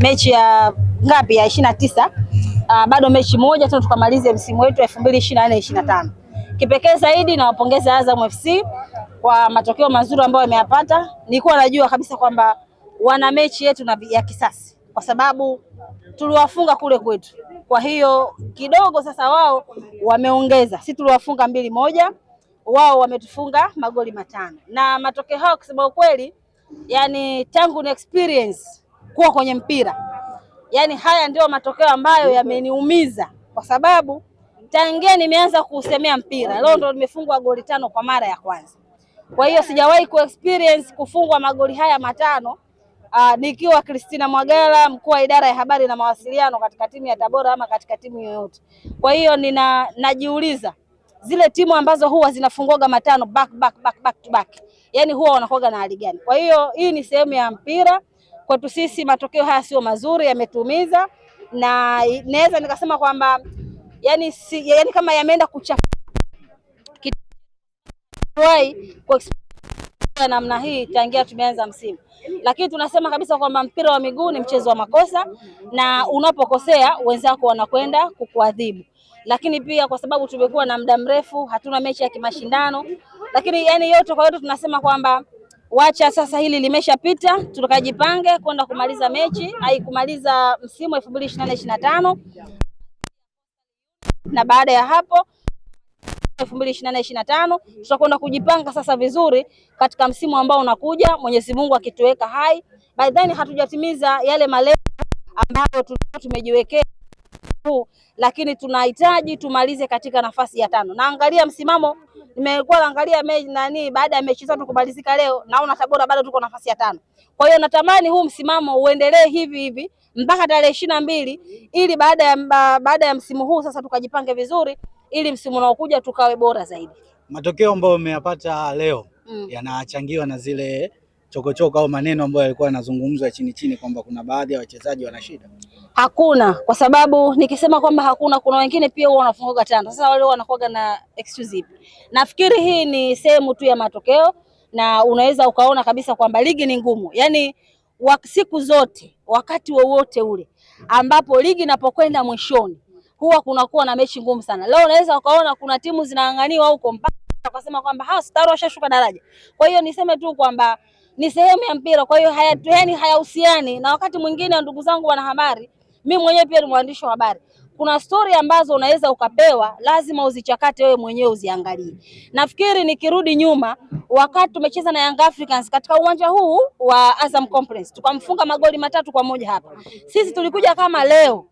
mechi ya ngapi ya ishirini na tisa uh, bado mechi moja tu tukamalize msimu wetu elfu mbili ishirini na nne ishirini na tano. Kipekee zaidi nawapongeza Azam FC kwa matokeo mazuri ambayo wameyapata. Nilikuwa najua kabisa kwamba wana mechi yetu na ya kisasi, kwa sababu tuliwafunga kule kwetu. Kwa hiyo kidogo sasa wao wameongeza, si tuliwafunga mbili moja, wao wametufunga magoli matano, na matokeo hayo kusema ukweli, yani tangu ni experience kuwa kwenye mpira. Yaani haya ndio matokeo ambayo yameniumiza kwa sababu tangia nimeanza kusemea mpira leo ndo nimefungwa goli tano kwa mara ya kwanza. Kwa hiyo sijawahi ku experience kufungwa magoli haya matano uh, nikiwa Christina Mwagala, mkuu wa idara ya habari na mawasiliano katika timu ya Tabora ama katika timu yoyote. Kwa hiyo nina najiuliza zile timu ambazo huwa zinafungwaga matano back, back, back, back to back, yaani huwa wanakoga na hali gani? Kwa hiyo hii ni sehemu ya mpira Kwetu sisi matokeo haya sio mazuri, yametuumiza na naweza nikasema kwamba yani, si, yani kama yameenda kuchafua kwa namna hii tangia tumeanza msimu, lakini tunasema kabisa kwamba mpira wa miguu ni mchezo wa makosa, na unapokosea wenzako wanakwenda kukuadhibu. Lakini pia kwa sababu tumekuwa na muda mrefu hatuna mechi ya kimashindano, lakini yani yote kwa yote tunasema kwamba wacha sasa hili limeshapita, tukajipange kwenda kumaliza mechi ai kumaliza msimu elfu mbili ishirini na nne ishirini na tano na baada ya hapo elfu mbili ishirini na nne ishirini na tano tutakwenda kujipanga sasa vizuri katika msimu ambao unakuja, Mwenyezi Mungu akituweka hai. By then hatujatimiza yale malengo ambayo tulikuwa tumejiwekea huu lakini tunahitaji tumalize katika nafasi ya tano. Naangalia msimamo nimekuwa naangalia mechi nani, baada ya mechi zetu kumalizika leo, naona Tabora bado tuko nafasi ya tano. Kwa hiyo natamani huu msimamo uendelee hivi hivi mpaka tarehe ishirini na mbili ili baada ya baada ya msimu huu sasa tukajipange vizuri, ili msimu unaokuja tukawe bora zaidi. Matokeo ambayo umeyapata leo mm. yanachangiwa na zile chokochoko au maneno ambayo yalikuwa yanazungumzwa chini chini kwamba kuna baadhi ya wachezaji wana shida? Hakuna, kwa sababu nikisema kwamba hakuna, kuna wengine pia huwa wanafungoka tanda. Sasa wale wanakuwaga na excuse ipi? Nafikiri hii ni sehemu tu ya matokeo, na unaweza ukaona kabisa kwamba ligi ni ngumu, yaani siku zote, wakati wowote ule ambapo ligi inapokwenda mwishoni huwa kunakuwa na mechi ngumu sana. Leo unaweza ukaona kuna timu zinaanganiwa huko mpaka akasema kwamba hao tayari washashuka daraja. Kwa hiyo niseme tu kwamba ni sehemu ya mpira. Kwa hiyo haya, yani hayahusiani. Na wakati mwingine, ndugu zangu wanahabari, mimi mwenyewe pia ni mwandishi wa habari kuna stori ambazo unaweza ukapewa, lazima uzichakate wewe mwenyewe uziangalie. Nafikiri nikirudi nyuma, wakati tumecheza na Young Africans katika uwanja huu wa Azam Complex, tukamfunga magoli matatu kwa moja hapa. Sisi tulikuja kama leo,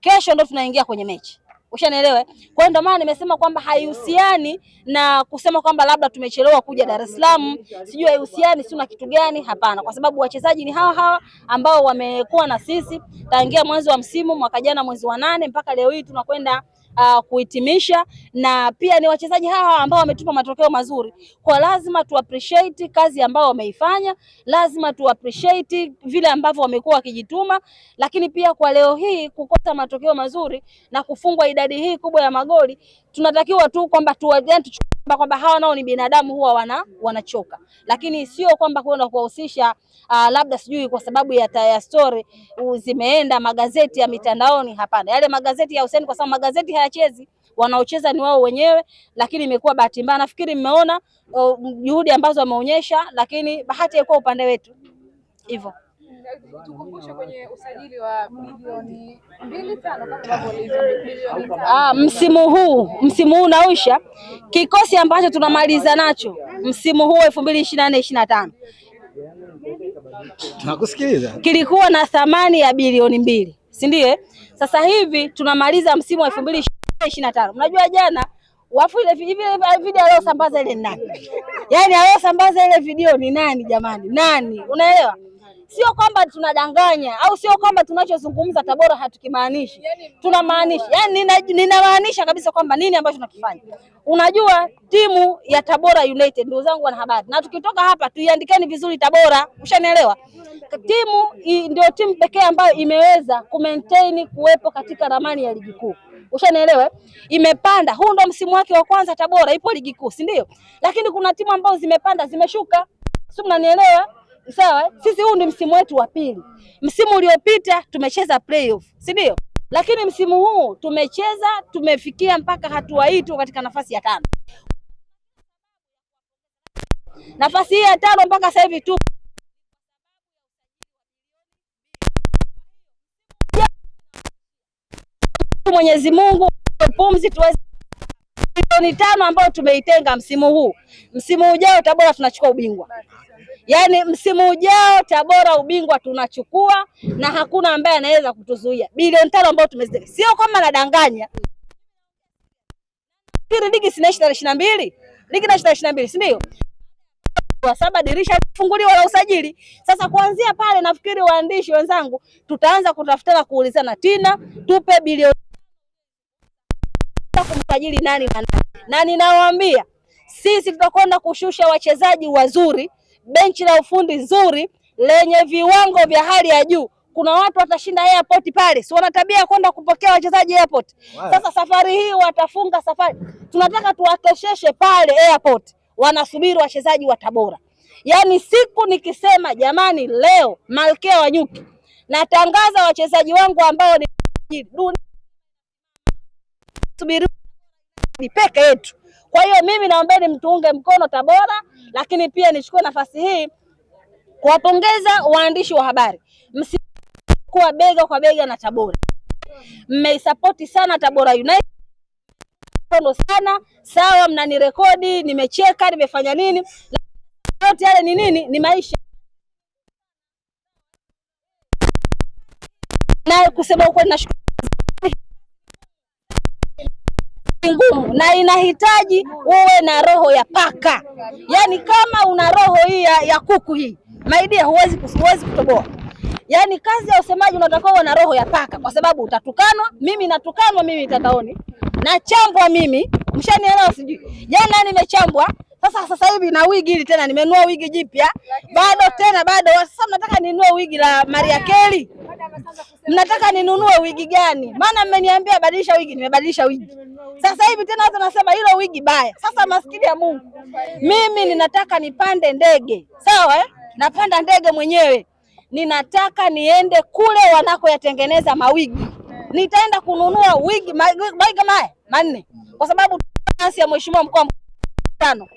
kesho ndo tunaingia kwenye mechi Ushanielewa? Eh? Kwa hiyo ndio maana nimesema kwamba haihusiani na kusema kwamba labda tumechelewa kuja Dar es Salaam, sijui haihusiani, si una kitu gani? Hapana, kwa sababu wachezaji ni hawa hawa ambao wamekuwa na sisi tangia mwanzo wa msimu mwaka jana mwezi wa nane mpaka leo hii tunakwenda uh, kuhitimisha na pia ni wachezaji hawa ambao wametupa matokeo mazuri, kwa lazima tu appreciate kazi ambao wameifanya, lazima tu appreciate vile ambavyo wamekuwa wakijituma, lakini pia kwa leo hii kukosa matokeo mazuri na kufungwa idadi hii kubwa ya magoli tunatakiwa tu kwamba tu kwamba hawa nao ni binadamu, huwa wana wanachoka, lakini sio kwamba kwenda kuwahusisha uh, labda sijui kwa sababu ya taya story zimeenda magazeti ya mitandaoni. Hapana, yale magazeti ya Hussein, kwa sababu magazeti hayachezi, wanaocheza ni wao wenyewe. Lakini imekuwa bahati mbaya, nafikiri mmeona oh, juhudi ambazo wameonyesha, lakini bahati haikuwa upande wetu hivyo tukumbushe kwenye usajili wa mbili tano ah, msimu huu msimu huu unaisha, kikosi ambacho tunamaliza nacho msimu huu elfu mbili ishirini na nne ishirini na tano tunakusikiliza, kilikuwa na thamani ya bilioni mbili, si ndiye? Eh? Sasa hivi tunamaliza msimu wa elfu mbili ishirini na tano Mnajua jana wafu ile video aliyosambaza ile nani? Yaani aliyosambaza ile video ni nani jamani? Nani? Unaelewa? Sio kwamba tunadanganya au sio kwamba tunachozungumza Tabora hatukimaanishi, yaani tunamaanisha yani, ninamaanisha kabisa kwamba nini ambacho tunakifanya. Unajua timu ya Tabora United, ndugu zangu wanahabari, na tukitoka hapa tuiandikeni vizuri Tabora, ushanielewa. Timu ndio timu pekee ambayo imeweza kumaintain kuwepo katika ramani ya ligi kuu ushanielewa, imepanda. Huu ndo msimu wake wa kwanza Tabora ipo ligi kuu, si ndio? Lakini kuna timu ambazo zimepanda zimeshuka, si mnanielewa? sawa. Eh? Sisi huu ni msimu wetu wa pili. Msimu uliopita tumecheza playoff, si ndio? Lakini msimu huu tumecheza, tumefikia mpaka hatua hii tu katika nafasi ya tano, nafasi hii ya tano mpaka sasa hivi tu Mwenyezi Mungu pumzi tuweze Milioni tano ambayo tumeitenga msimu huu, msimu ujao Tabora tunachukua ubingwa. Yaani msimu ujao Tabora ubingwa tunachukua na hakuna ambaye anaweza kutuzuia. Bilioni tano ambayo tumezitenga, sio kama nadanganya. Kile ligi sinaisha tarehe ishirini na mbili ligi naisha tarehe ishirini na mbili si ndio? wa saba dirisha funguliwa la usajili. Sasa kuanzia pale, nafikiri waandishi wenzangu, tutaanza kutafutana kuulizana, Tina tupe bilioni kumsajili nani na nani na ninawaambia sisi tutakwenda kushusha wachezaji wazuri, benchi la ufundi nzuri lenye viwango vya hali ya juu. Kuna watu watashinda airport pale, si wana tabia ya kwenda kupokea wachezaji airport. Sasa safari hii watafunga safari, tunataka tuwakesheshe pale airport, wanasubiri wachezaji wa Tabora. Yaani siku nikisema jamani, leo malkia wa nyuki, natangaza wachezaji wangu ambao ni subiri ni peke yetu. Kwa hiyo mimi naombeni mtuunge mkono Tabora, lakini pia nichukue nafasi hii kuwapongeza waandishi wa habari, msikuwa bega kwa bega na Tabora, mmeisapoti sana Tabora United sana sawa, mnanirekodi nimecheka, nimefanya nini, yote yale ni nini? Ni maisha. Na kusema ukweli, nashukuru ngumu na inahitaji uwe na roho ya paka. Yaani kama una roho hii ya, ya kuku hii maidia, huwezi huwezi kutoboa. Yaani kazi ya usemaji unatakiwa uwe na roho ya paka, kwa sababu utatukanwa. Mimi natukanwa mimi mtandaoni, nachambwa mimi, mshanielewa sijui. Jana yaani nimechambwa sasa sasa hivi na wigi hili tena nimenua wigi jipya bado tena bado. Sasa mnataka ninunue wigi la Maria Kelly? Mnataka ninunue wigi gani? Maana mmeniambia badilisha wigi, nimebadilisha wigi. Sasa hivi tena watu nasema hilo wigi baya. Sasa maskini ya Mungu, mimi ninataka nipande ndege, sawa eh? Napanda ndege mwenyewe, ninataka niende kule wanakoyatengeneza mawigi, nitaenda kununua wigi mawigi manne, kwa sababu ya mheshimiwa mkoa tano